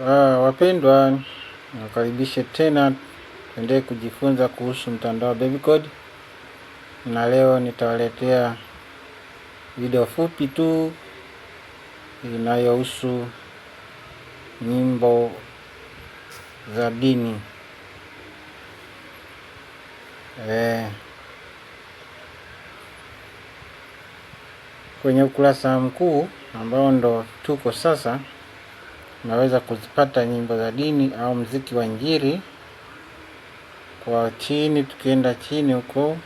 Ah, wapendwa, niwakaribishe tena tuendelee kujifunza kuhusu mtandao wa Bebicode, na leo nitawaletea video fupi tu inayohusu nyimbo za dini. eh, kwenye ukurasa mkuu ambao ndo tuko sasa Unaweza kuzipata nyimbo za dini au mziki wa injili. Kwa chini, tukienda chini huko,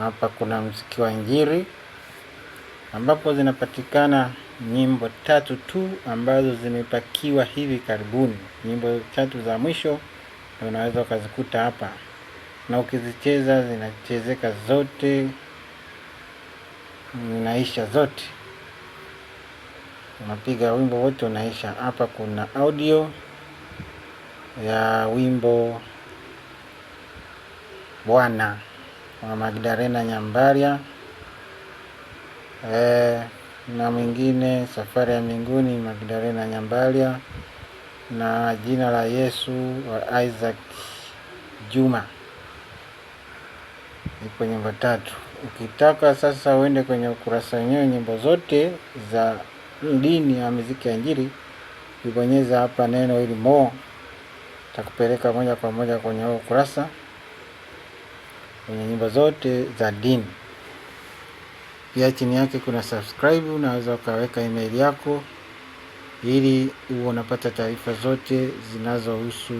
hapa kuna mziki wa injili ambapo zinapatikana nyimbo tatu tu ambazo zimepakiwa hivi karibuni. Nyimbo tatu za mwisho ndio unaweza ukazikuta hapa, na ukizicheza zinachezeka zote, zinaisha zote unapiga wimbo wote unaisha. Hapa kuna audio ya wimbo Bwana wa Magdalena nyambaria e, na mwingine Safari ya Mbinguni Magdalena nyambaria na Jina la Yesu wa Isaac Juma. Ipo nyimbo tatu. Ukitaka sasa uende kwenye ukurasa wenyewe, nyimbo zote za dini ya muziki ya injili, ibonyeza hapa neno ili more takupeleka moja kwa moja kwenye huo kurasa kwenye nyimbo zote za dini. Pia chini yake kuna subscribe, unaweza ukaweka email yako ili huo unapata taarifa zote zinazohusu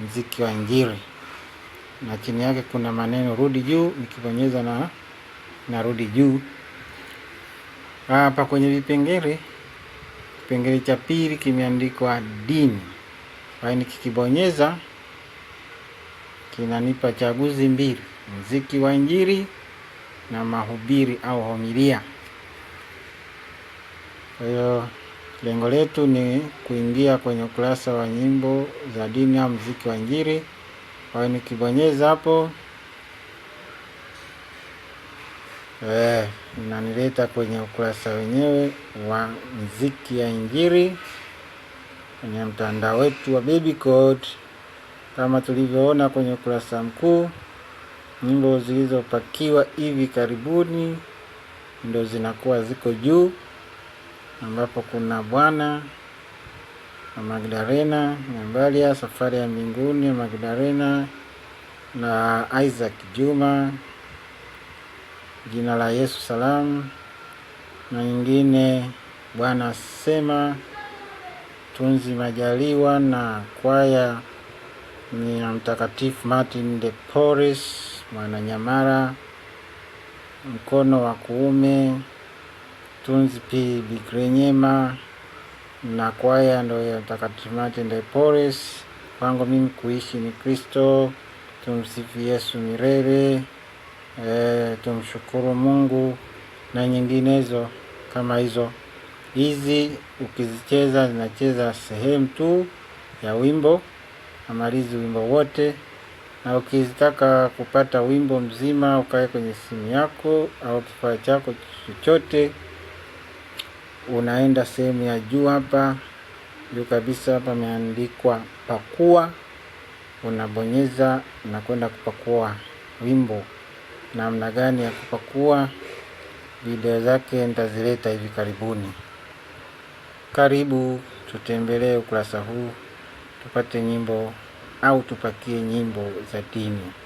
mziki wa injili, na chini yake kuna maneno rudi juu. Nikibonyeza na narudi juu hapa kwenye vipengele, kipengele cha pili kimeandikwa dini, yaani nikikibonyeza kinanipa chaguzi mbili, muziki wa Injili na mahubiri au homilia. Kwa hiyo lengo letu ni kuingia kwenye ukurasa wa nyimbo za dini au muziki wa Injili. Kwa hiyo nikibonyeza hapo eh, nanileta kwenye ukurasa wenyewe wa mziki ya Injili kwenye mtandao wetu wa Code, Kama tulivyoona kwenye ukurasa mkuu, nyimbo zilizopakiwa hivi karibuni ndo zinakuwa ziko juu, ambapo kuna Bwana na Magdalena, ya Safari ya Mbinguni ya Magdalena na Isaac Juma jina la Yesu salamu, na nyingine Bwana Sema, Tunzi Majaliwa na kwaya ni na Mtakatifu Martin de Porres Mwananyamara, mkono wa kuume Tunzi pi Bikrenyema na kwaya ndo ya Mtakatifu Martin de Porres. Kwangu mimi kuishi ni Kristo. Tumsifu Yesu milele e, tumshukuru Mungu na nyinginezo kama hizo. Hizi ukizicheza zinacheza sehemu tu ya wimbo, amalizi wimbo wote, na ukizitaka kupata wimbo mzima ukae kwenye simu yako au kifaa chako chochote, unaenda sehemu ya juu hapa juu kabisa, hapa imeandikwa pakua, unabonyeza, na kwenda kupakua wimbo namna gani ya kupakua video zake nitazileta hivi karibuni. Karibu tutembelee ukurasa huu tupate nyimbo au tupakie nyimbo za dini.